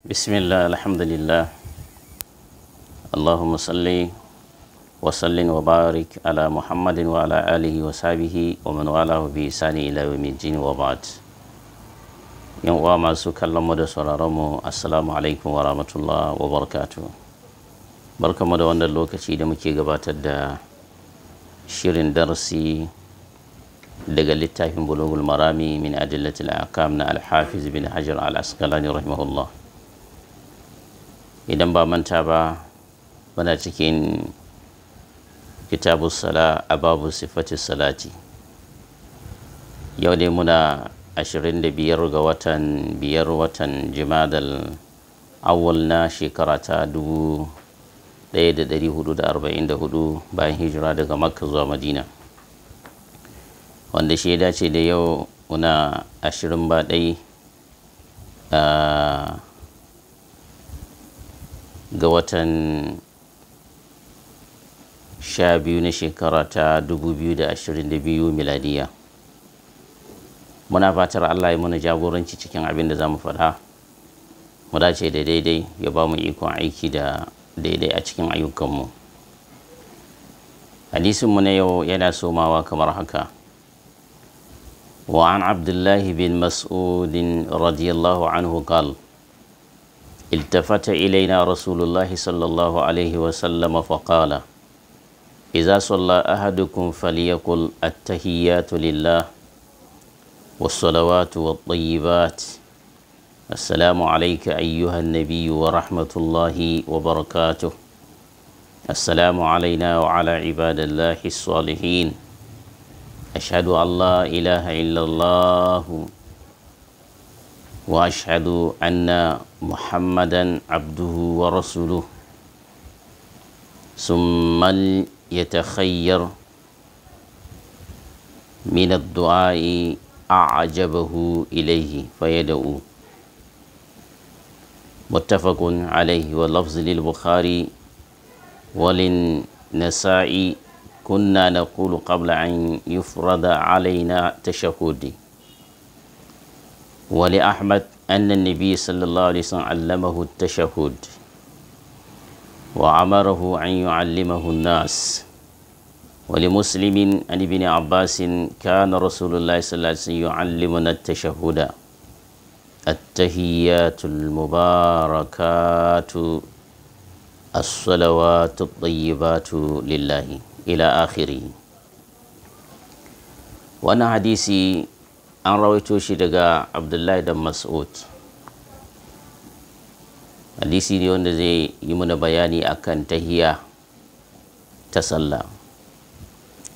بسم الله الحمد لله اللهم صل وسلم وبارك على محمد وعلى آله وصحبه ومن والاه بإحسان إلى يوم الدين وبعد yan uwa masu kallon mu da sauraron mu assalamu alaikum wa rahmatullah wa barakatuh barkamu da wannan lokaci da muke gabatar da shirin darasi daga littafin bulugul marami min adillatil aqam na al-hafiz bin hajar al-asqalani rahimahullah idan ba manta ba muna cikin kitabu sala a babu sifati salati yau ne muna 25 ga watan biyar watan jimadal awal na shekara ta 1444 bayan hijira daga makka zuwa madina wanda shi ya dace da yau muna 21 a ah, ga watan sha biyu na shekara ta 2022 miladiya muna fatar allah ya muna jagoranci cikin abin da za mu faɗa mu dace da daidai ya ba mu ikon aiki da daidai a cikin ayyukanmu mu na yau yana somawa kamar haka وعن عبد الله بن مسعود رضي الله عنه قال التفت إلينا رسول الله صلى الله عليه وسلم فقال إذا صلى أحدكم فليقل التهيات لله والصلوات والطيبات السلام عليك أيها النبي ورحمة الله وبركاته السلام علينا وعلى عباد الله الصالحين أشهد أن لا إله إلا الله وأشهد أن محمدا عبده ورسوله ثم يتخير من الدعاء أعجبه إليه فيدعو متفق عليه واللفظ للبخاري وللنسائي كنا نقول قبل أن يفرض علينا تشهد ولأحمد أن النبي صلى الله عليه وسلم علمه التشهد وعمره أن يعلمه الناس ولمسلم عن ابن عباس كان رسول الله صلى الله عليه وسلم يعلمنا التشهد التهيات المباركات الصلوات الطيبات لله إلى آخره وأنا حديثي an rawaito shi daga abdullahi da mas'ud hadisi ne wanda zai yi mana bayani akan tahiya ta sallah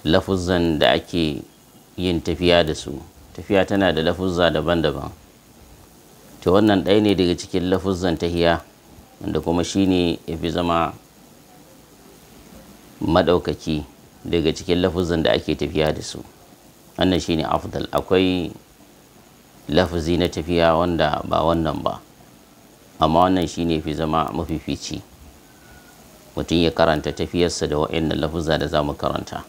lafuzan da ake yin tafiya da su tafiya tana da lafuzza daban-daban ta wannan ɗaya ne daga cikin lafuzan tahiya wanda kuma shi ne ya fi zama maɗaukaki daga cikin lafuzan da ake tafiya da su wannan shine afdal akwai lafazi na tafiya wanda ba wannan ba amma wannan shine fi zama mafifici mutum ya karanta tafiyarsa da wa'annan lafuza da za mu karanta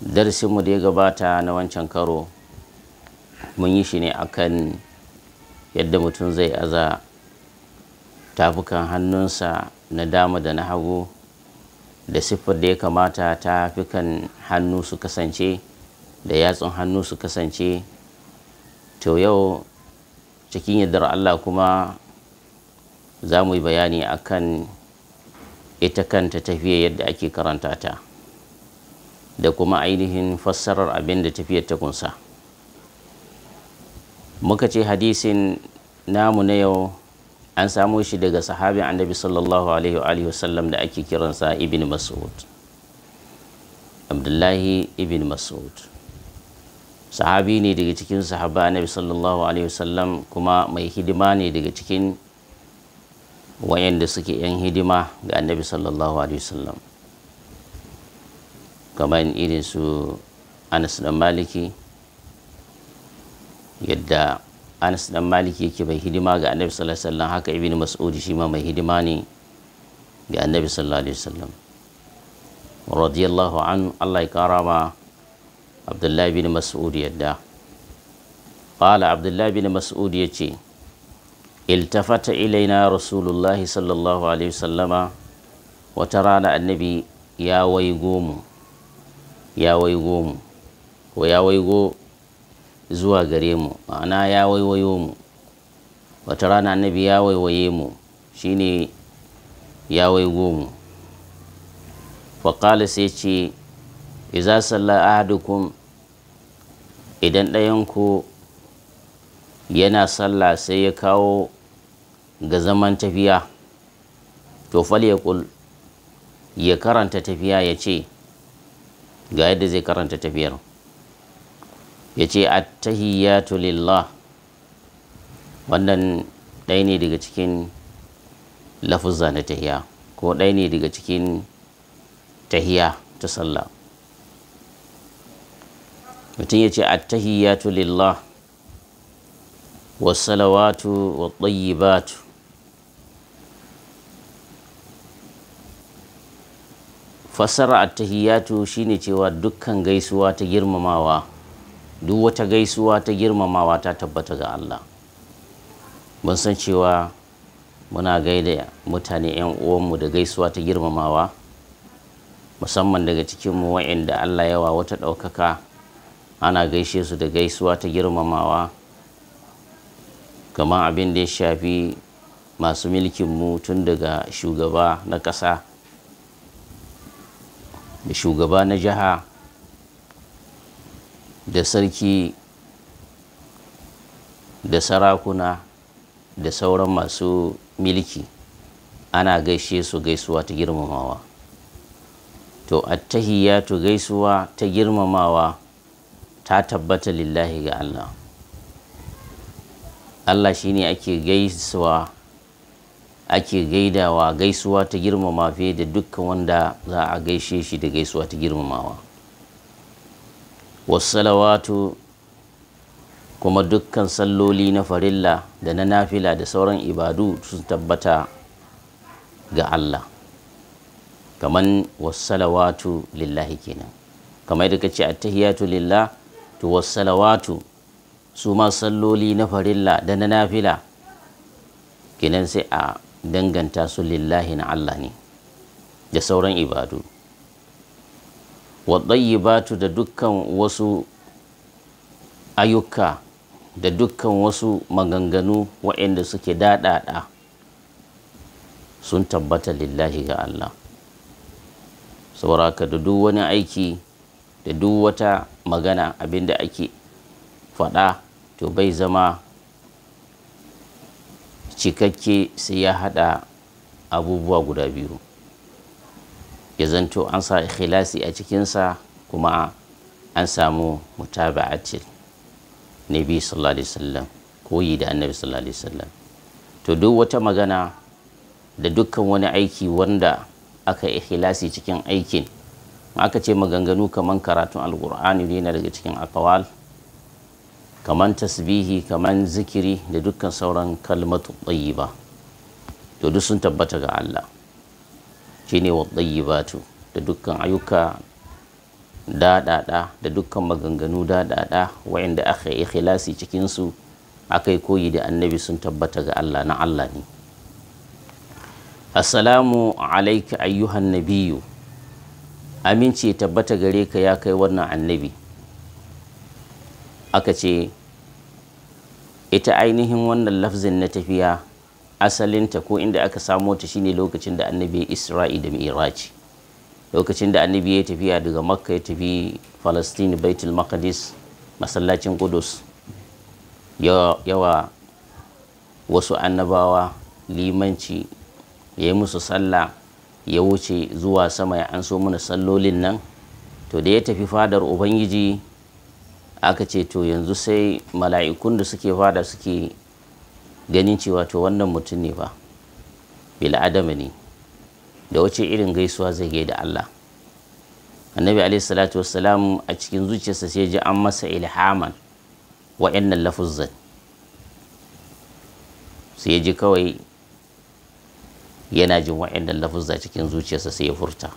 darsinmu da ya gabata na wancan karo mun yi shi ne akan yadda mutum zai aza tafukan hannunsa na dama da na hagu da siffar da ya kamata ta fi kan hannu su kasance da yatsun hannu su kasance to yau cikin yadda Allah kuma za mu yi bayani a kan ita kanta tafiya yadda ake karanta ta da kuma ainihin fassarar abin da tafiyar ta kunsa muka ce hadisin namu na yau an samo shi daga sahabin annabi sallallahu alaihi wa wasallam da ake kiransa ibn mas'ud abdullahi ibn mas'ud sahabi ne daga cikin sahaba annabi sallallahu alaihi wasallam kuma mai hidima ne daga cikin wayanda suke yan hidima ga annabi sallallahu alaihi wasallam kamar irin su anas da maliki yadda anas dan maliki yake bai hidima ga annabi sallallahu alaihi wasallam haka ibn mas'ud shi ma mai hidima ne ga annabi sallallahu alaihi wasallam radiyallahu an Allah ya kara ma abdullahi bin mas'ud yadda qala abdullahi bin mas'ud yace iltafata ilaina rasulullahi sallallahu alaihi wasallama wata rana annabi ya waigo mu ya waigo mu ko ya waigo zuwa gare mu ma'ana ya waiwayo mu wata rana annabi ya waiwaye mu shine ya waigo mu faƙala sai ce iza salla ahadukum idan ɗayanku yana sallah sai ya kawo ga zaman tafiya to falyakul ya karanta tafiya ya ce ga yadda zai karanta tafiyar ya ce attahiyatu lillah wannan ɗaya ne daga cikin lafuzza na tahiya ko ɗaya ne daga cikin tahiya ta sallah mutum ya ce attahiyatu lillah wasalawatu wa tayyibatu fassara attahiyatu shine cewa dukkan gaisuwa ta girmamawa duk wata gaisuwa ta girmamawa ta tabbata ga Allah mun san cewa muna gaida mutane 'yan uwanmu da gaisuwa ta girmamawa musamman daga cikinmu wa'inda Allah yawa wata ɗaukaka ana gaishe su da gaisuwa ta girmamawa kamar abin da ya shafi masu mulkinmu tun daga shugaba na ƙasa da shugaba na jiha da sarki da sarakuna da sauran masu milki ana gaishe su gaisuwa ta girmamawa to attahiyatu gaisuwa ta girmamawa ta tabbata lillahi ga Allah Allah shine ake gaisuwa ake gaidawa gaisuwa ta girmama fiye da dukkan wanda za a gaishe shi da gaisuwa ta girmamawa wasu kuma dukkan salloli na farilla da na nafila da sauran ibadu sun tabbata ga Allah kaman wasu lillahi kenan kamar yadda ce attahiyatu lillah to wasu su ma salloli na farilla da na nafila kenan sai a danganta su lillahi na Allah ne da sauran ibadu waɗayyibatu da dukkan wasu ayyuka da dukkan wasu maganganu waɗanda suke daɗaɗa sun tabbata lillahi ga Allah sauraka da duk wani aiki da duk wata magana abinda ake faɗa to bai zama cikakke sai ya haɗa abubuwa guda biyu ya zanto an sa ikhlasi a cikinsa kuma an samu mutaba'atil nabi sallallahu alaihi wasallam koyi da annabi sallallahu alaihi wasallam to duk wata magana da dukkan wani aiki wanda aka ikhilasi cikin aikin aka ce maganganu kaman karatun alkur'ani ne na daga cikin akawal kaman tasbihi kaman zikiri da dukkan sauran kalmatu tsayi ba to duk sun tabbata ga Allah shine wadayibatu da dukkan ayyuka daɗaɗa da dukkan maganganu daɗaɗa wa'inda aka yi ikhlasi cikinsu aka yi koyi da annabi sun tabbata ga Allah na Allah ne assalamu alaika ayyuhan nabiyu amince tabbata gare ka ya kai wannan annabi aka ce ita ainihin wannan lafzin na tafiya asalinta ko inda aka samo ta shine lokacin da annabi isra'i da mi'raji lokacin da annabi ya tafiya daga makka ya tafi palestine baitul maqdis masallacin kudus yawa wasu annabawa limanci ya yi musu sallah ya wuce zuwa sama ya an so mana sallolin nan to da ya tafi fadar ubangiji aka ce to yanzu sai mala'ikun da suke fada suke ganin cewa to wannan mutum ne ba bil'adama ne da wace irin gaisuwa zai gaida Allah annabi alaihi salatu wassalam a cikin zuciyarsa sai ji an masa ilhaman innal lafuzzan sai ji kawai yana jin wa'annan lafuzza cikin zuciyarsa sai ya furta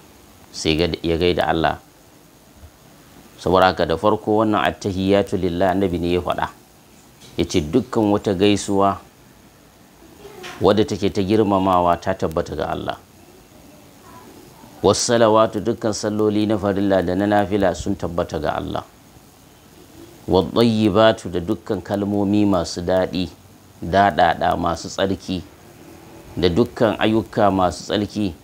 sai ya gaida Allah saboda haka da farko wannan attahiyatu lillah annabi ne ya faɗa ya ce dukkan wata gaisuwa wadda take ta girmamawa ta tabbata ga Allah wasu salawatu dukkan salloli na farilla da na nafila sun tabbata ga Allah batu da dukkan kalmomi masu daɗi daɗaɗa masu tsarki da dukkan ayyuka masu tsarki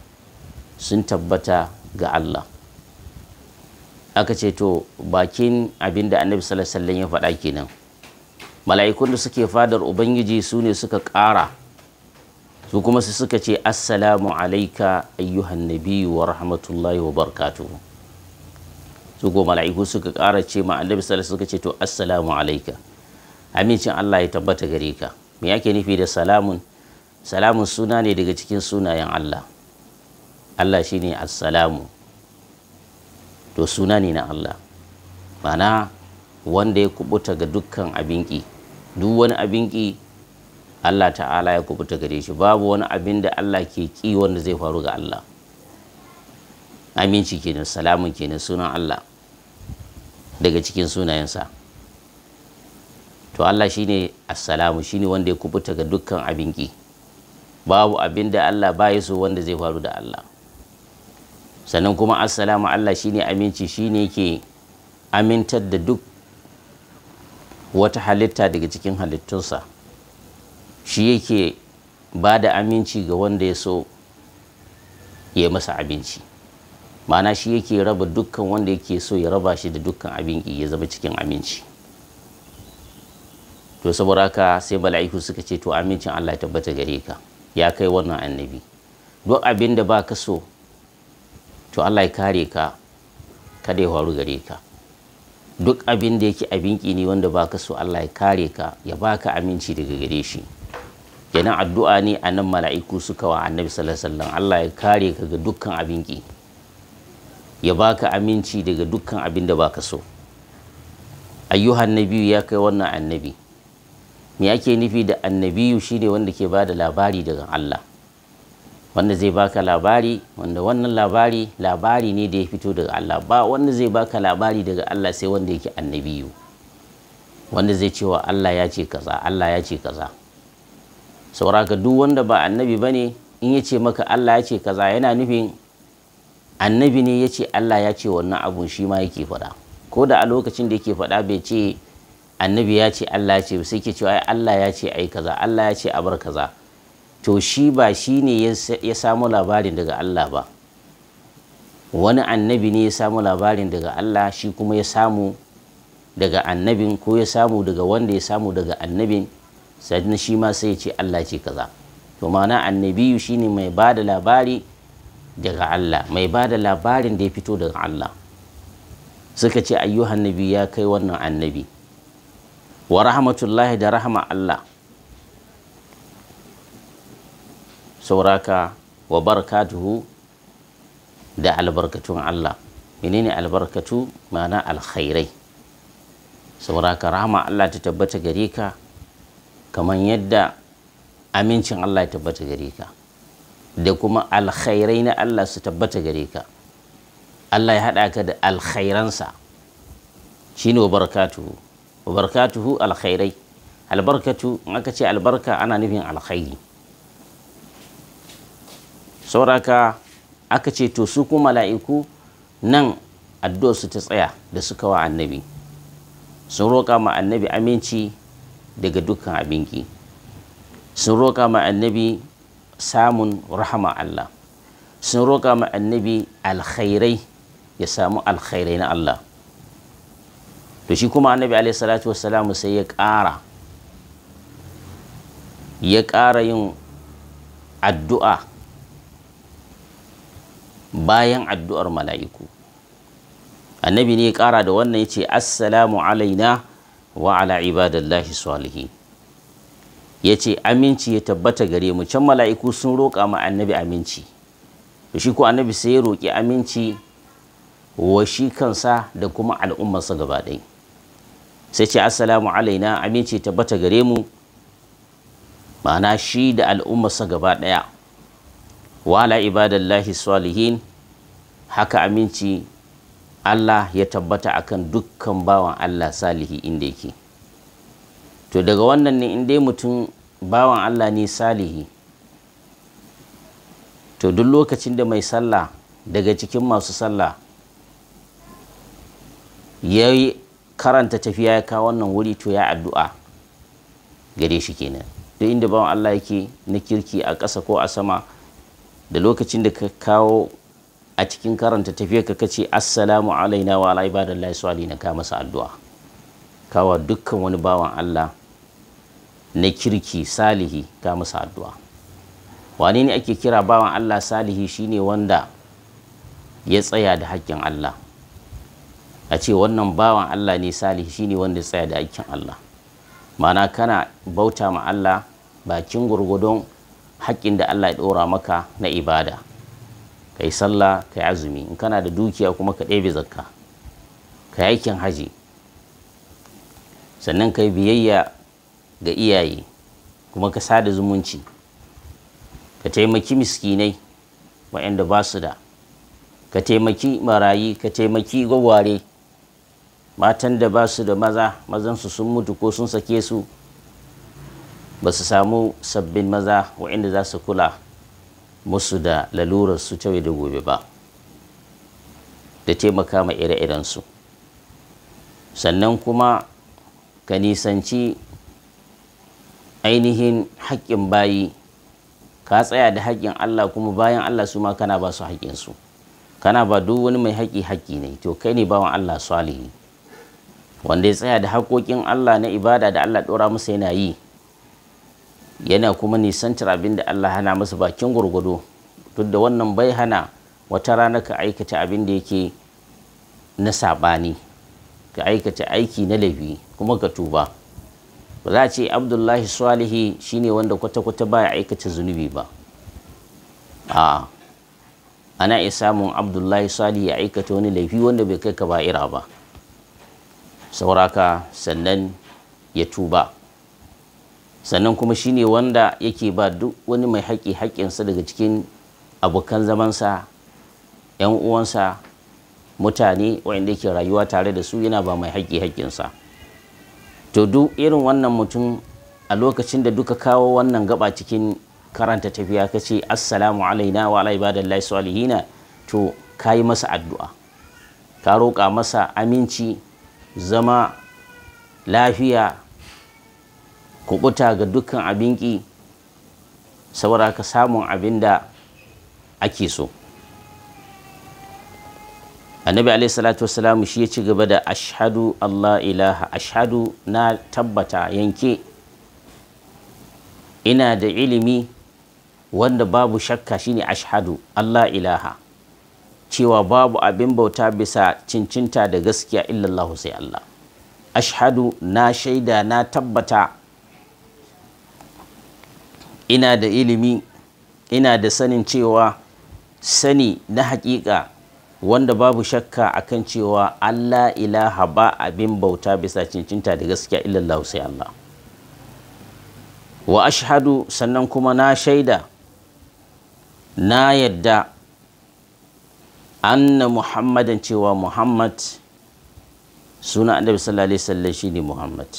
sun tabbata ga Allah aka ce to bakin abin da annabi sallallahu ya faɗa kenan mala'ikun da suke fadar ubangiji su ne suka ƙara su kuma su suka ce assalamu alaika ayyuhan nabi wa rahmatullahi wa barkatu su kuma mala'iku suka ƙara ce ma annabi sallallahu suka ce to assalamu alaika amincin Allah ya tabbata gare ka me yake nufi da salamun salamun suna ne daga cikin sunayen Allah Allah shine assalamu to suna ne na Allah mana wanda ya kubuta ga dukkan abinki duk wani abinki Allah ta'ala ya kubuta gare shi babu wani abin da Allah ke ki wanda zai faru ga Allah aminci kenan salamun kenan sunan Allah daga cikin sunayensa to Allah shine assalamu shine wanda ya kubuta ga dukkan abin ki babu abin da Allah baya so wanda zai faru da Allah sannan kuma assalamu Allah shine aminci shine ke amintar da duk wata halitta daga cikin halittunsa shi yake ba da aminci ga wanda ya so ya masa abinci Mana shi yake raba dukkan wanda yake so ya raba shi da dukkan abin ya zama cikin aminci to saboda haka sai mala'iku suka ce to amincin Allah ya tabbata gare ka ya kai wannan annabi duk abin da ba ka so to Allah ya kare ka kada ya faru gare ka duk abin da yake abin ne wanda ba ka so Allah ya kare ka ya baka aminci daga gare shi kenan addu'a ne a nan mala'iku suka wa annabi sallallahu Allah ya kare ka ga dukkan abin ki ya baka aminci daga dukkan abin da baka so ayyuhan nabiyu ya kai wannan annabi me ake nufi da annabiyu shine wanda ke bada labari daga Allah wanda zai baka labari wanda wannan labari labari ne da ya fito daga Allah ba wanda zai baka labari daga Allah sai wanda yake annabiyu wanda zai cewa Allah ya ce kaza Allah ya ce kaza sauraka duk wanda ba annabi ba ne in ya ce maka Allah ya ce kaza yana nufin annabi ne ya ce Allah ya ce wannan abun shi ma yake faɗa ko da a lokacin da yake faɗa bai ce annabi ya ce Allah ya ce sai ke cewa Allah ya ce ai kaza Allah ya ce a bar kaza to shi ba shi ne ya samu labarin daga Allah ba wani annabi ne ya samu labarin daga Allah shi kuma ya samu daga annabin ko ya samu daga wanda ya samu daga annabin sai shi ma sai ce Allah ce kaza to ma'ana annabiyu shine mai ba da labari daga Allah mai ba da labarin da ya fito daga Allah suka ce ayyuhan nabi ya kai wannan annabi wa rahmatullahi da rahama Allah sauraka wa barakatuhu da albarkatun Allah menene albarkatu ma'ana alkhairai sauraka rahama Allah ta tabbata gare ka kamar yadda amincin Allah ya tabbata gare ka da kuma alkhairai na Allah su tabbata gare ka Allah ya haɗa ka da alkhairansa shine wa barakatuhu wa alkhairai albarkatu in aka ce albarka ana nufin alkhairi sauraka aka ce to su kuma mala'iku nan su ta tsaya da suka wa annabi sun roƙa ma annabi aminci daga dukkan abinki sun roƙa ma annabi samun rahama Allah sun roƙa ma annabi alkhairai ya samu alkhairai na Allah to shi kuma annabi alaihi salatu wassalamu sai ya ƙara ya ƙara yin addu'a bayan addu'ar mala'iku annabi ne ya ƙara da wannan ya ce assalamu alaina wa ala ibadallahi salihi ya ce aminci ya tabbata gare mu can mala'iku sun roƙa ma annabi aminci to shi ko annabi sai ya roƙi aminci wa shi kansa da kuma al'ummarsa gaba ɗaya sai ce assalamu alaina aminci tabbata gare mu ma'ana shi da al'ummarsa gaba ɗaya ala ibadallahi salihin haka aminci Allah ya tabbata akan dukkan bawan Allah salihi inda yake to daga wannan ne inda mutum bawan Allah ne salihi to duk lokacin da mai sallah daga cikin masu sallah ya karanta tafiya ya kawo wannan wuri to ya addu'a gare shi kenan duk inda bawan Allah yake na kirki a ƙasa ko a sama da lokacin da ka kawo a cikin karanta tafiya ka kace assalamu alaina wa ala ibadallahi salihin ka masa addu'a kawa dukkan wani bawan Allah na kirki salihi ka masa addu'a wane ne ake kira bawan Allah salihi shine wanda ya tsaya da haƙƙin Allah a ce wannan bawan Allah ne salihi shine wanda ya tsaya da haƙƙin Allah ma'ana kana bauta ma Allah bakin gurgudun haƙƙin da Allah ya ɗora maka na ibada ka yi sallah ka yi azumi in kana da dukiya kuma ka ɗebe zakka ka yi aikin haji sannan ka yi biyayya ga iyaye kuma ka sada zumunci ka taimaki miskinai waɗanda ba su da ka taimaki marayi ka taimaki gwagware matan da ba su da maza mazansu sun mutu ko sun sake su ba su samu sabbin maza waɗanda za su kula musu da lalurar su ta da gobe ba da taimaka ma ire su sannan kuma ka nisanci ainihin haƙƙin bayi ka tsaya da haƙƙin Allah kuma bayan Allah su ma kana ba su haƙƙinsu kana ba duk wani mai haƙƙi haƙƙi ne to kai ne bawan Allah salihi wanda ya tsaya da haƙoƙin Allah na ibada da Allah ɗora masa yana yi yana kuma nisantar abin da Allah hana masa bakin gwargwado duk da wannan bai hana wata rana ka aikata abin da yake na sabani ka aikata aiki na laifi kuma ka tuba ba za a ce abdullahi salihi shine wanda kwata-kwata baya aikata zunubi ba a ana iya samun abdullahi salihi ya aikata wani laifi wanda bai kai ka ba'ira ba sauraka sannan ya tuba sannan kuma shine wanda yake ba duk wani mai haƙƙi haƙƙinsa daga cikin abokan zamansa ‘yan uwansa mutane waɗanda yake rayuwa tare da su yana ba mai haƙƙi haƙƙinsa to duk irin wannan mutum a lokacin da duka kawo wannan gaba cikin karanta tafiya ka ce assalamu alaina wa ala ibadallahi salihina to ka yi masa addu'a ka roƙa masa aminci zama lafiya kukuta ga dukkan abinki saboda ka samun abin da ake so annabi alaihi salatu wasalam shi ya ci gaba da ashadu allah ilaha ashhadu na tabbata yanke ina da ilimi wanda babu shakka shine ashhadu allah ilaha cewa babu abin bauta bisa cincinta da gaskiya illallahu sai allah ashhadu na shaida na tabbata ina da ilimi ina da sanin cewa sani na haƙiƙa wanda babu shakka akan cewa Allah ilaha ba abin bauta bisa cincinta da gaskiya illallah sai Allah wa ashhadu sannan kuma na shaida na yadda anna muhammadan cewa muhammad suna annabi sallallahu alaihi wasallam shine muhammad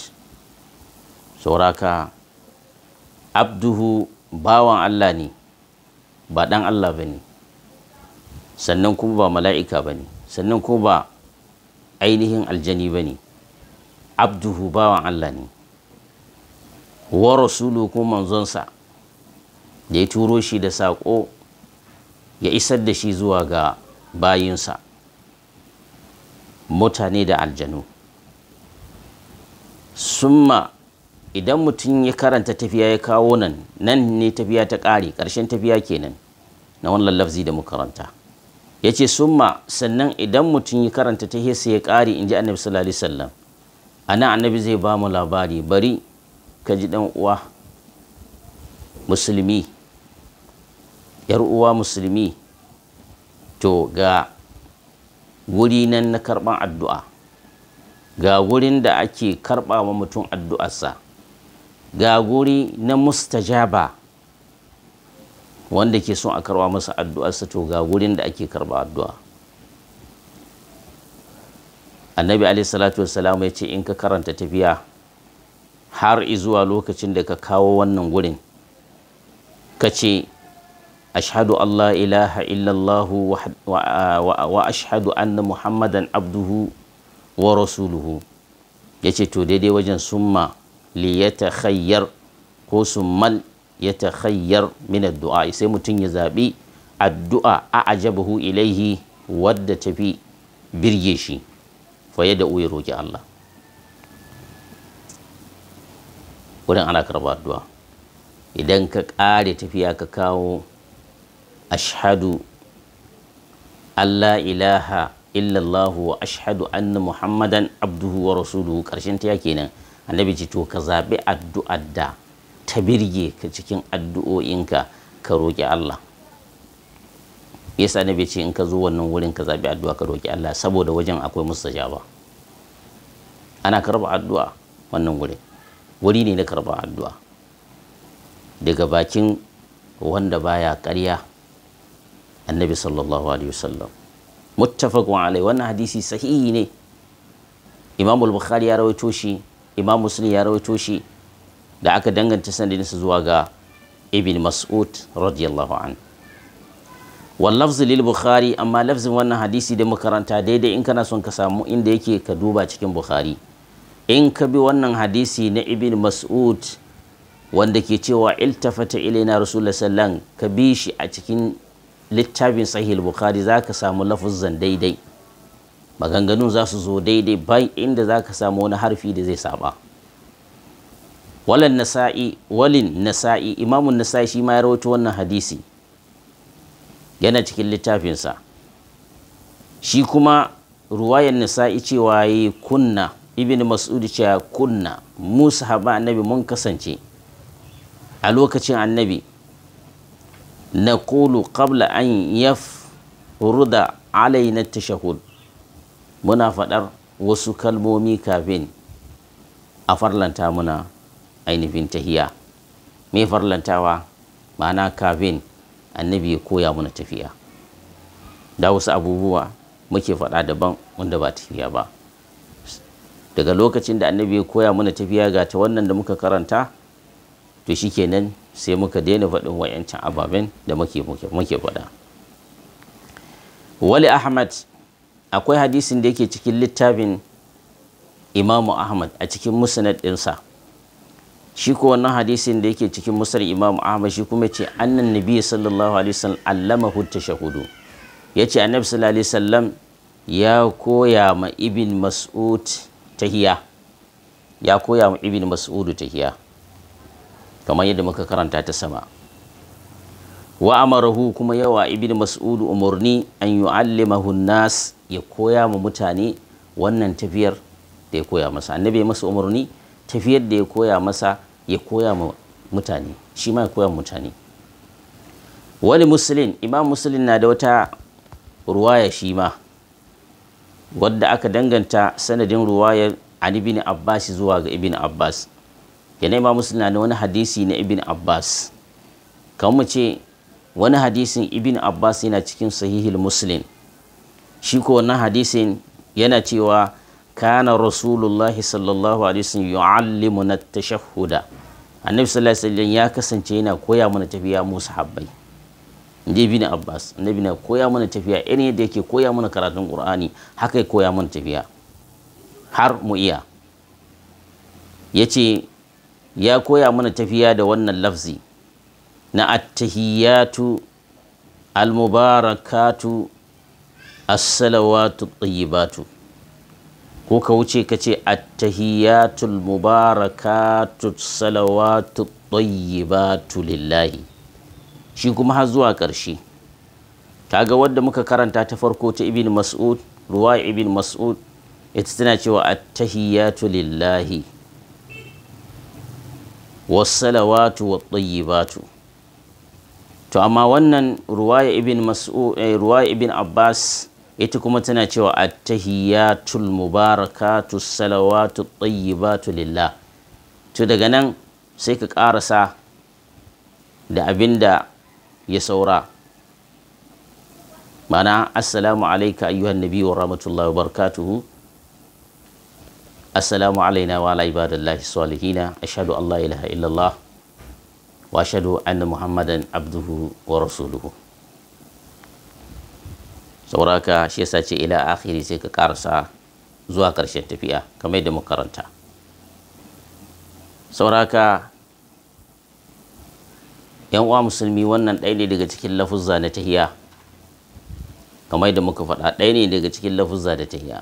sauraka abduhu bawan Allah ne ba ɗan Allah ba ne sannan kuma ba mala'ika ba ne sannan kuma ba ainihin aljani ba ne abduhu bawan Allah ne wa rasulu kuma manzonsa da ya turo shi da saƙo ya isar da shi zuwa ga bayinsa mutane da aljanu summa idan mutum ya karanta tafiya ya kawo nan nan ne tafiya ta ƙare ƙarshen tafiya kenan na wannan lafzi da muka karanta ya ce summa sannan idan mutum ya karanta ta hesa ya ƙare in ji annabi sallallahu alaihi wasallam ana annabi zai ba mu labari bari ka ji ɗan uwa musulmi yar uwa musulmi to ga wuri nan na karɓar addu'a ga wurin da ake karɓa wa mutum addu'arsa ga guri na mustajaba wanda ke son a karɓa masa addu'arsa to ga gurin da ake karɓa addu'a annabi alaihi salatu ya ce in ka karanta tafiya har izuwa lokacin da ka kawo wannan gurin ka ce ashadu allah ilaha illallahu wa ashadu anna muhammadan abduhu wa rasuluhu ya ce to daidai wajen summa li ya takhayyar ko summal ya takhayyar min addu'a sai mutum ya zaɓi addu'a a ajabahu ilaihi wadda tafi birge shi fa da da'u roki Allah wurin ana karba addu'a idan ka ƙare tafiya ka kawo ashadu Allah ilaha illallahu wa ashhadu anna muhammadan abduhu wa rasuluhu ƙarshen ta kenan annabi ji to ka zaɓi addu'ar da ta birge ka cikin addu'o'inka ka roƙi Allah yasa annabi ce in ka zo wannan wurin ka zaɓi addu'a ka roƙi Allah saboda wajen akwai mustajaba ana karɓa addu'a wannan wurin wuri ne na karɓa addu'a daga bakin wanda baya ƙarya annabi sallallahu alaihi wasallam muttafaqun alai wannan hadisi sahihi ne Imamul bukhari ya rawaito shi imam muslim ya rawaito shi da aka danganta sanadin su zuwa ga ibn mas'ud radiyallahu an wallafzi lil bukhari amma lafzin wannan hadisi da makaranta daidai in kana son ka samu inda yake ka duba cikin bukhari in ka bi wannan hadisi na ibn mas'ud wanda ke cewa iltafata ilaina rasulullah sallan ka bi shi a cikin littafin sahih bukhari zaka samu lafzin daidai maganganun za su zo daidai bai inda za ka samu wani harfi da zai saba walin nasa'i walin nasa'i imamun nasa'i shi ma ya rawaito wannan hadisi yana cikin littafinsa shi kuma ruwayan nasa'i cewa yi kunna ibn mas'ud cewa kunna musa haɓa annabi mun kasance a lokacin annabi na kulu qabla an yaf ruda na tashahud muna faɗar wasu kalmomi kafin a farlanta muna ainihin tahiya mai farlantawa ma'ana kafin annabi ya koya muna tafiya da wasu abubuwa muke faɗa daban wanda ba tafiya ba daga lokacin da annabi ya koya muna tafiya ga ta wannan da muka karanta to shi shikenan sai muka daina faɗin wa'yancan ababen da muke faɗa wali ahmad akwai hadisin da yake cikin littafin imamu ahmad a cikin musnad ɗinsa shi ko wannan hadisin da yake cikin musar imamu ahmad shi kuma ce annan nabi sallallahu alaihi wasallam allama hutta shahudu ya ce annabi sallallahu alaihi wasallam ya koya ma ibn mas'ud tahiya ya koya ma ibn mas'ud tahiya kamar yadda muka karanta ta sama wa amarahu kuma yawa ibn mas'ud umarni an yu'allimahu nas ya koya ma mutane wannan tafiyar da ya koya masa annabi masa umarni tafiyar da ya koya masa ya koya ma mutane shi ma ya koya mutane wani musulun imam musulun na da wata ruwaya shi ma wadda aka danganta sanadin ruwayar an ibn abbas zuwa ga ibn abbas yana imam musulun na da wani hadisi na ibn abbas kan mu ce wani hadisin ibn abbas yana cikin sahihil muslim shi ko wannan hadisin yana cewa kana rasulullahi sallallahu alaihi wasallam mu na tashahhuda annabi sallallahu alaihi wasallam ya kasance yana koya mana tafiya mu sahabbai inda ibn abbas annabi na koya mana tafiya irin yadda yake koya mana karatun qur'ani haka ya koya mana tafiya har mu iya yace ya koya mana tafiya da wannan lafzi na attahiyatu almubarakatu assalawatu tsayibatu ko ka wuce ka ce attahiyatul mubarakatu salawatu tsayibatu lillahi shi kuma har zuwa ƙarshe kaga wadda muka karanta ta farko ta ibn mas'ud ruwa ibn mas'ud ita tana cewa attahiyatu lillahi wassalawatu wa tsayibatu to amma wannan ruwaya ibn mas'u eh, ruwaya ibn abbas ita kuma tana cewa at-tahiyatul mubarakatu salawatu tayyibatu lillah to daga nan sai ka karasa da abin da ya saura mana assalamu alaika ayyuhan nabi wa rahmatullahi wa barakatuhu assalamu alaina wa ala ibadillahi salihina ashadu an la ilaha illallah واشهد ان محمدا عبده ورسوله sauraka shi yasa ce ila akhiri sai ka karasa zuwa karshen tafiya kamar yadda muka karanta sauraka yan uwa musulmi wannan ɗaya ne daga cikin lafuzza na tahiya kamar yadda muka faɗa ɗaya ne daga cikin lafuzza da tahiya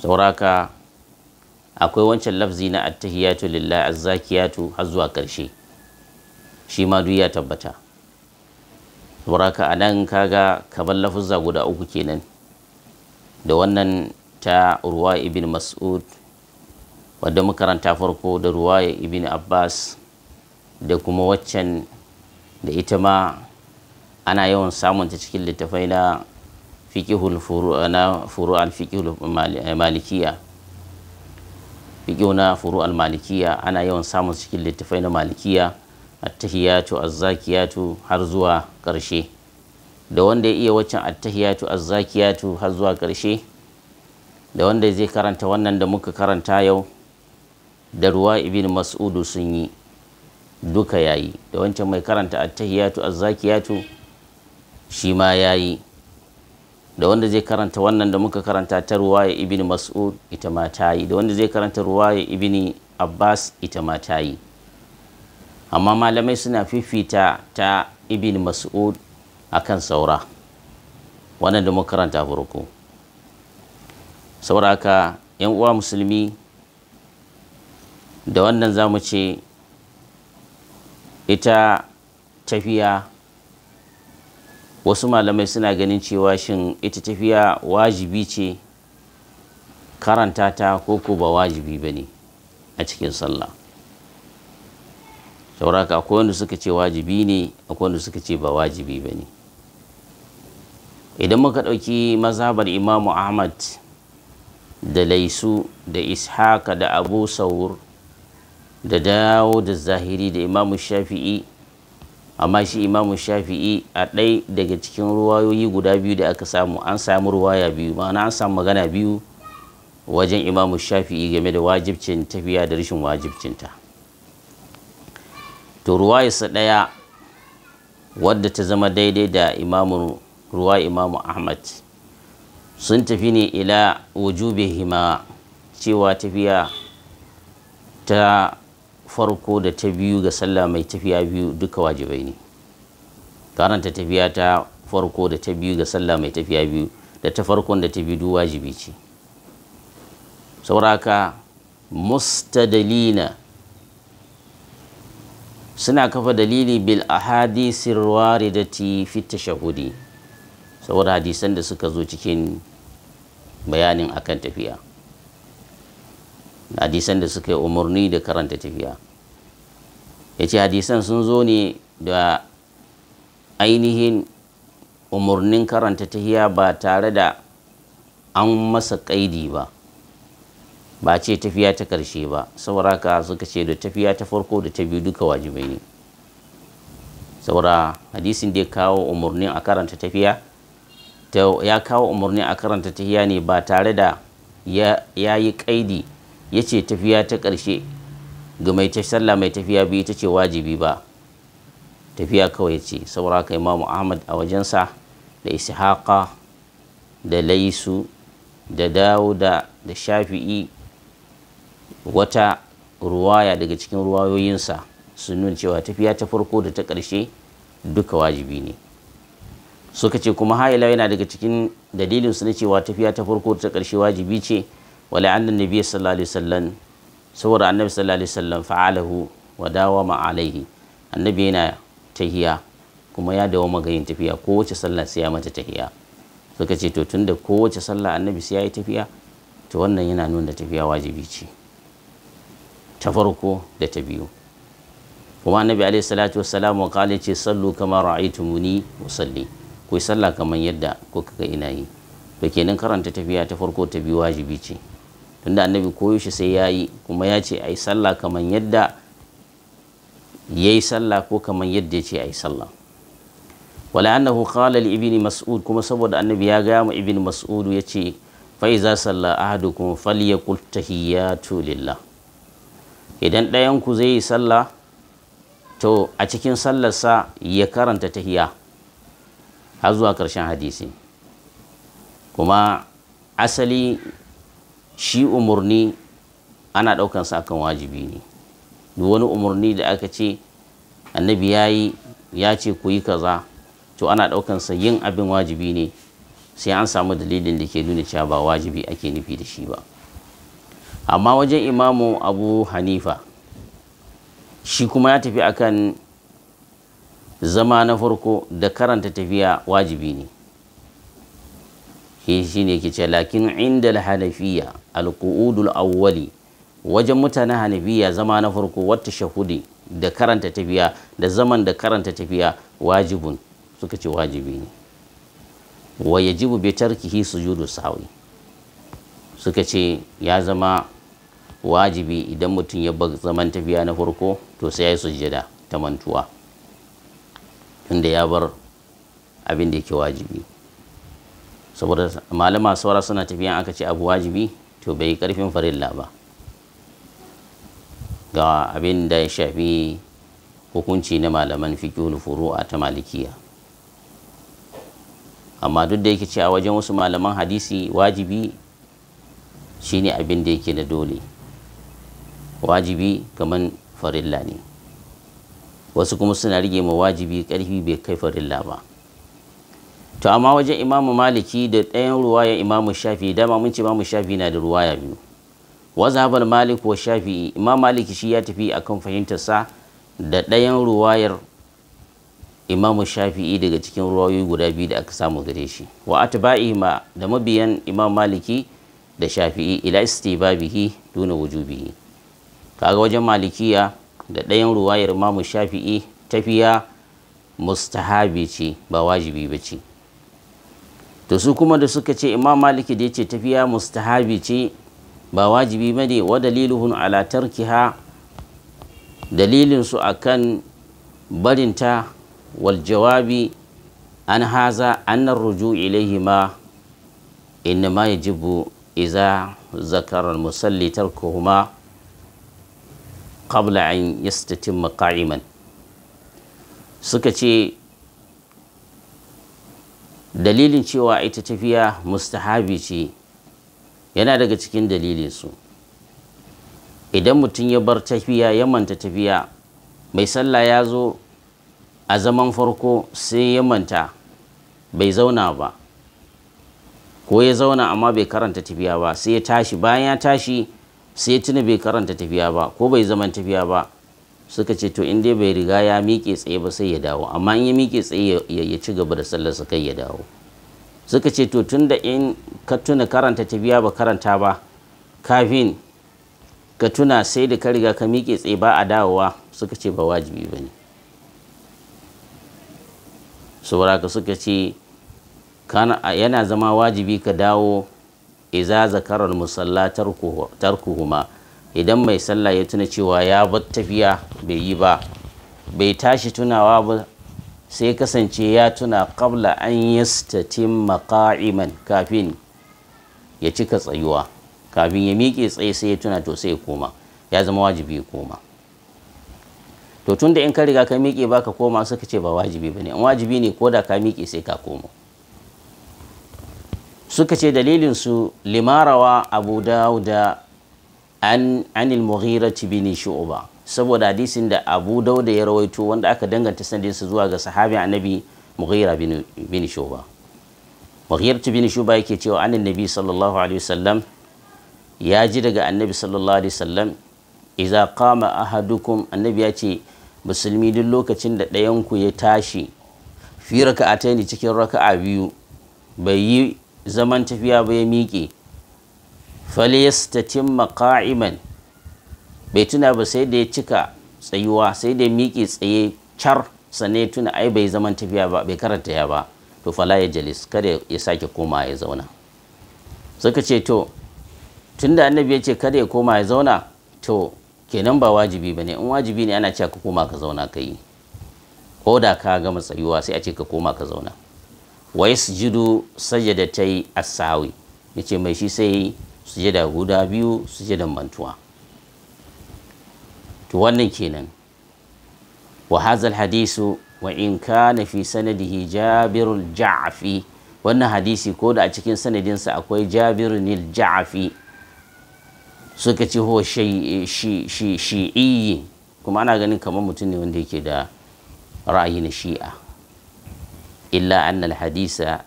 sauraka akwai wancan lafzi na attahiyatu lillahi azzakiyatu har zuwa ƙarshe shi ma duk ya tabbata saboda a nan kaga kamar lafuzza guda uku kenan da wannan ta ruwa ibn mas'ud wadda makaranta farko da ruwa ibn abbas da kuma waccan da ita ma ana yawan samun ta cikin littafai na fiqhul furu na malikiya fiƙo na furu al-malikiya ana yawan samun cikin littafai na malikiya attahiyatu azzakiyatu har zuwa ƙarshe da wanda ya iya waccan attahiyatu azzakiyatu har zuwa ƙarshe da wanda zai karanta wannan da muka karanta yau da ruwa ibn mas'udu sun yi duka yayi da wancan mai karanta attahiyatu azzakiyatu shi ma yayi da wanda zai karanta wannan da muka karanta ta ruwaya ibini mas'ud ita ma ta yi da wanda zai karanta ruwaya ibini abbas ita ma ta yi amma malamai suna fifita ta ibini mas'ud a kan saura wannan da muka karanta farko sauraka yan uwa musulmi da wannan za mu ce ita tafiya wasu malamai suna ganin cewa shin ita tafiya wajibi ce karanta ta ko ko ba wajibi ba ne a cikin sallah sauraka akwai wanda suka ce wajibi ne akwai wanda suka ce ba wajibi ba ne idan muka ɗauki mazhabar imamu ahmad da laisu da ishaka da abu saur da dawo da zahiri da imamu shafi'i amma shi imamu shafi'i a ɗai daga cikin ruwayoyi guda biyu da aka samu an samu ruwaya biyu ma'ana an samu magana biyu wajen imamu shafi'i game da wajibcin tafiya da rashin wajibcinta to su ɗaya wadda ta zama daidai da imamu ruwa imamu ahmad sun tafi ne ila hima cewa tafiya ta farko da ta biyu ga sallah mai tafiya biyu duka wajibai ne karanta tafiya ta farko da ta biyu ga sallah mai tafiya biyu da ta farkon da ta biyu duk wajibi ce sauraka mustadalina suna kafa dalili bil ahadisir waridati fi tashahudi saboda hadisan da suka zo cikin bayanin akan tafiya hadisan da suka yi umarni da karanta tafiya ya ce hadisan sun zo ne da ainihin umarnin karanta tafiya ba tare da an masa kaidi ba ba ce tafiya ta karshe ba saboda ka suka ce da tafiya ta farko da ta biyu duka wajibai ne saboda hadisin da ya kawo umarnin a karanta tafiya ya kawo umarnin a karanta tafiya ne ba tare da ya yi kaidi. ya ce tafiya ta ƙarshe ga mai sallah mai tafiya biyu ta ce wajibi ba tafiya kawai ce saura ka ma ahmad a wajensa da ishaqa da laisu da dawuda da shafi'i wata ruwaya daga cikin ruwayoyinsa sun nuna cewa tafiya ta farko da ta ƙarshe duka wajibi ne suka ce kuma ha'ila yana daga cikin dalilinsu na cewa tafiya ta farko da ta ƙarshe wajibi ce ولعل النبي صلى الله عليه وسلم saboda annabi sallallahu alaihi wasallam fa'alahu wa ma alaihi annabi yana tahiya kuma ya dawo magayin tafiya tafiya kowace sallah sai ya mata tahiya suka ce to tunda kowace sallah annabi sai ya yi tafiya to wannan yana nuna da tafiya wajibi ce ta farko da ta biyu kuma annabi alaihi salatu wassalam wa qala ce sallu kama ra'aytumuni usalli ku sallah kamar yadda kuka ga ina yi to kenan karanta tafiya ta farko ta biyu wajibi ce tunda da annabi koyo shi sai ya yi kuma ya ce a yi sallah kamar yadda ya sallah ko kamar yadda ya ce a sallah wala annahu qala li ibni mas'ud kuma saboda annabi ya gaya ma ibni mas'ud ya ce fa iza salla ahadukum falyakul tahiyatu lillah idan ɗayan ku zai yi sallah to a cikin sallar sa ya karanta tahiya har zuwa ƙarshen hadisi kuma asali shi umarni ana ɗaukan sa kan wajibi ne duk wani umarni da aka ce annabi ya yi ya ce ku yi kaza to ana ɗaukan sa yin abin wajibi ne sai an samu dalilin da ke nuna cewa ba wajibi ake nufi da shi ba amma wajen imamu abu hanifa shi kuma ya tafi akan zama na farko da karanta tafiya wajibi ne shi ne ke ce lakin inda hanafiya alƙu'udul awwali wajen mutanen hanifiya zama na farko wata shahudi da karanta tafiya da zaman da karanta tafiya wajibun suka ce wajibi ne wa yajibu bi tarkihi sujudu sawi suka ce ya zama wajibi idan mutum ya bar zaman tafiya na farko to sai ya yi sujjada ta mantuwa inda ya bar abin da yake wajibi saboda malama saura suna tafiya aka ce abu wajibi to bai karfin farilla ba ga abin da ya shafi hukunci na malaman furu furu'a ta malikiya amma duk da yake cewa wajen wasu malaman hadisi wajibi shine abin da yake da dole wajibi kaman farilla ne wasu kuma suna rige ma wajibi karfi bai kai farilla ba to amma wajen imamu maliki da ɗayan ruwayar imamu shafi dama mun ce imamu shafi na da ruwaya biyu wazabar malik wa shafi imam maliki shi ya tafi akan fahimtarsa da ɗayan ruwayar imamu shafi'i daga cikin ruwayoyi guda biyu da aka samu gare shi wa atba'i ma da mabiyan imam maliki da shafi'i ila istibabihi duna wujubihi kaga wajen malikiya da ɗayan ruwayar imamu shafi'i tafiya mustahabi ce ba wajibi ba ce to su kuma da suka ce imam maliki da ya ce tafiya mustahabi ce ba wajibi ba ne wa daliluhun ala tarkiha dalilinsu a kan barinta wal jawabi an haza annan ruju ilaihi ma inna ma ya jibu iza zakarar musalli tarkuhuma qabla an yastatimma qa'iman suka ce dalilin cewa ita tafiya mustahabi ce yana daga cikin dalilinsu idan mutum ya bar tafiya ya manta tafiya mai sallah ya zo a zaman farko sai ya manta bai zauna ba ko ya zauna amma bai karanta tafiya ba sai ya tashi bayan ya tashi sai ya tuna bai karanta tafiya ba ko bai zaman tafiya ba suka ce to in dai bai riga ya miƙe tsaye ba sai ya dawo amma in ya miƙe tsaye ya ci gaba da sallarsa kai ya dawo suka ce to tun da in ka tuna karanta tafiya ba karanta ba kafin ka tuna sai da ka riga ka miƙe tsaye ba a dawowa suka ce ba wajibi ba ne sauraka suka ce yana zama wajibi ka dawo iza zakarar musalla tarkuhuma idan mai sallah ya tuna cewa ya bar tafiya bai yi ba bai tashi tunawa ba sai kasance ya tuna kabla an yastatim maqa'iman kafin ya cika tsayuwa kafin ya miƙe tsaye sai ya tuna to sai ya koma ya zama wajibi ya koma to tunda in ka riga ka miƙe ba ka koma suka ce ba wajibi bane in wajibi ne ko da ka miƙe sai ka koma suka ce dalilin su limarawa abu dawuda an anil mughira bin shu'ba saboda hadisin da abu dauda ya rawaito wanda aka danganta sanadinsa zuwa ga sahabi annabi mughira bin shu'ba mughira bin shu'ba yake cewa anin nabi sallallahu alaihi wasallam ya ji daga annabi sallallahu alaihi wasallam idza qama ahadukum annabi ya ce musulmi duk lokacin da ɗayan ku ya tashi fi raka'ataini cikin raka'a biyu bai yi zaman tafiya ba ya miƙe faliyastatimma kaiman bai tuna ba sai da ya cika tsayuwa sai da ya miƙe tsaye car sane tuna ai bai zaman tafiya ba bai karanta ya ba to fala ya jalis kada ya sake koma ya zauna suka ce to tunda annabi ya ce kada ya koma ya zauna to kenan ba wajibi ba ne in wajibi ne ana cewa ka koma ka zauna ka yi ko da ka gama tsayuwa sai a ce ka koma ka zauna wa yasjudu sajadatai as-sawi yace mai shi sai sujada guda biyu sujadan mantuwa to wannan kenan wa hazal hadisu wa in kana fi sanadihi al ja'fi wannan hadisi ko da a cikin sanadinsa akwai al ja'fi suka ce shi shi kuma ana ganin kamar mutum ne wanda yake da ra'ayi na shi'a illa annal hadisa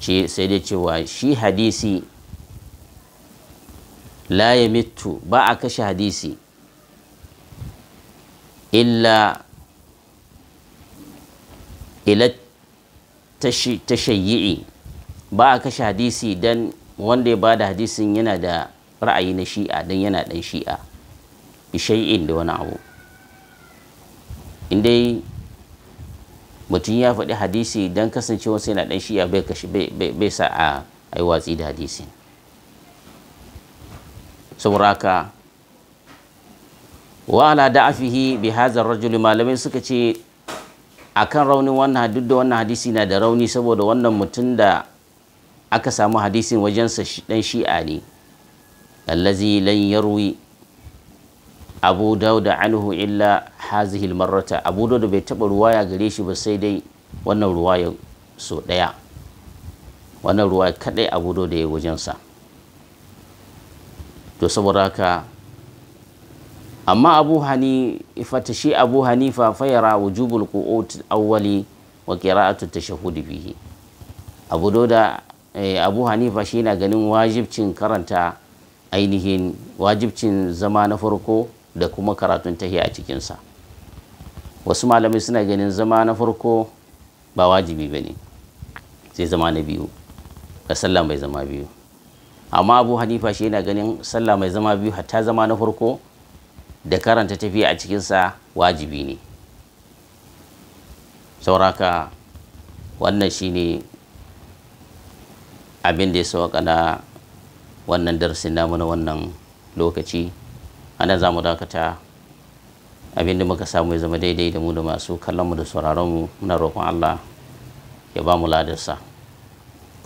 ce sai dai cewa shi hadisi la ya mitu ba a kashe hadisi illa ila tashayyi'i ba a kashe hadisi don wanda ya ba da hadisin yana da ra'ayi na shi'a dan yana dan shi'a bishai'in da wani abu indai mutum ya faɗi hadisi don kasancewa yana na ɗan shi'a bai sa a yi watsi da hadisin saboda wa ala da'afihi bi hadha ar malamai suka ce akan raunin wannan duk da wannan hadisi na da rauni saboda wannan mutum da aka samu hadisin wajensa dan shi'a ne allazi lan yarwi abu dauda anhu illa hazihi marrata abu dauda bai taba ruwaya gare shi ba sai dai wannan ruwaya so daya wannan ruwaya kadai abu dauda ya wajensa to saboda haka amma abu hani fata shi abu hanifa fayara wujubul qu'ut awwali wa qira'atu tashahhud bihi abu doda eh, abu hanifa shi na ganin wajibcin karanta ainihin wajibcin zama na farko da kuma karatun tahiya a cikinsa wasu malamai suna ganin zama na farko ba wajibi ba ne sai zama na biyu ga sallah bai zama biyu amma abu hanifa shi yana ganin sallah mai zama biyu hatta zama na farko da karanta tafiya a cikinsa wajibi ne sauraka wannan shi ne abin da ya sauka na wannan darasin namu na wannan lokaci ana za mu dakata abin da muka samu ya zama daidai da mu da masu kallonmu da sauraronmu muna roƙon allah ya ba mu ladarsa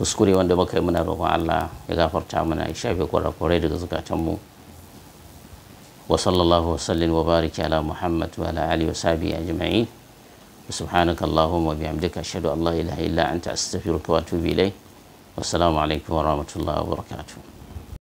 kuskure wanda muka yi muna roƙon Allah ya gafarta mana ya shafe kwarakwarai daga zukatan mu wa sallallahu wa sallin wa bariki ala muhammad wa ala alihi wa sabi ya jima'i wa subhanaka allahumma wa bihamdika ashhadu an la ilaha illa anta astaghfiruka wa atubu ilayk wa salamu alaikum wa rahmatullahi wa barakatuh